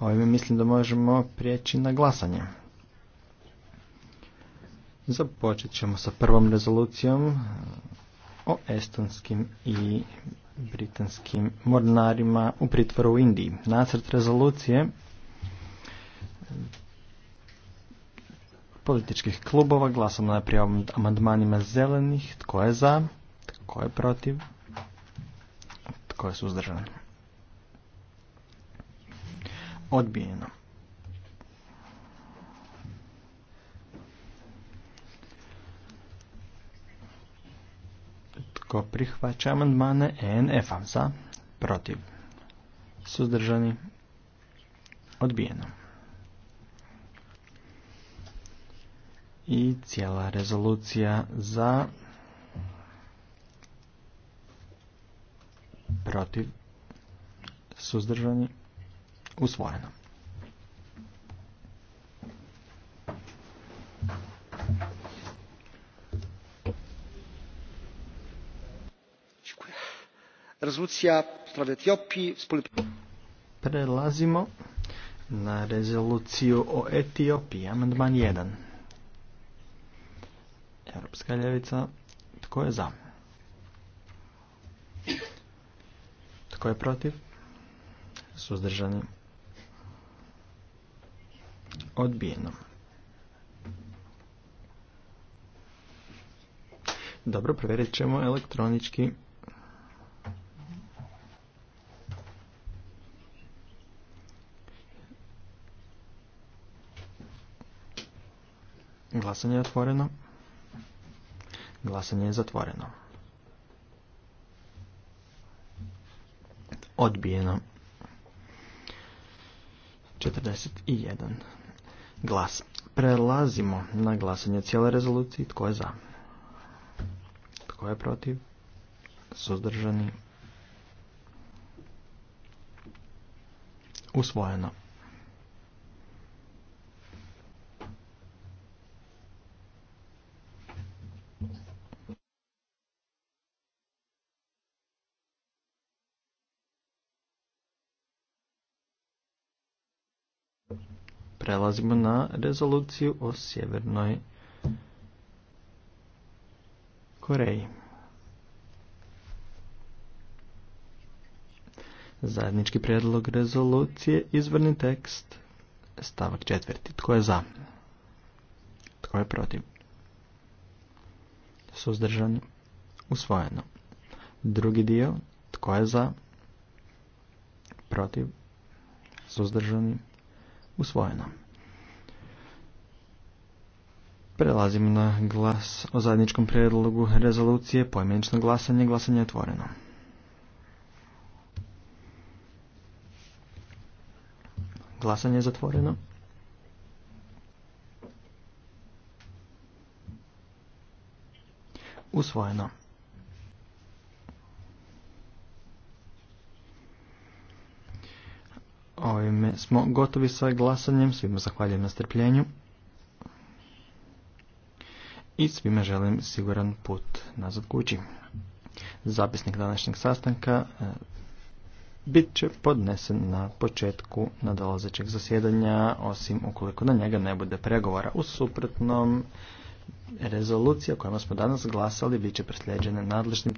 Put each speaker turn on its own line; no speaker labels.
Ovime mislim da možemo prijeći na glasanje. Započet ćemo sa prvom rezolucijom o estonskim i britanskim mornarima u pritvoru u Indiji. Nacrt rezolucije političkih klubova glasamo na prijavom amandmanima zelenih. Tko je za? Tko je protiv? Tko je suzdržan? Odbijeno. Tko prihvaća amandmane ENF-a za? Protiv. Suzdržani. Odbijeno. I cijela rezolucija za... Protiv. Suzdržani usvojeno. Rezolucija Etiopiji. Prelazimo na rezoluciju o Etiopiji, amandman 1. Europska ljevica, tko je za? Tko je protiv? Suzdržani. Odbijeno. Dobro, provjerit ćemo elektronički. Glasanje je otvoreno. Glasanje je zatvoreno. Odbijeno. 41 glas. Prelazimo na glasanje cijele rezolucije. Tko je za? Tko je protiv? Suzdržani? Usvojeno. prelazimo na rezoluciju o Sjevernoj Koreji. Zajednički prijedlog rezolucije, izvrni tekst, stavak četvrti. Tko je za? Tko je protiv? Suzdržan? Usvojeno. Drugi dio, tko je za? Protiv? Suzdržani? Usvojeno. Prelazimo na glas o zajedničkom prijedlogu rezolucije. Pojmenično glasanje. Glasanje je otvoreno. Glasanje je zatvoreno. Usvojeno. Ovime smo gotovi sa glasanjem, svima zahvaljujem na strpljenju i svima želim siguran put nazad kući. Zapisnik današnjeg sastanka e, bit će podnesen na početku nadalazećeg zasjedanja, osim ukoliko na njega ne bude pregovora. U suprotnom, rezolucija kojima smo danas glasali bit će presljeđena nadležnim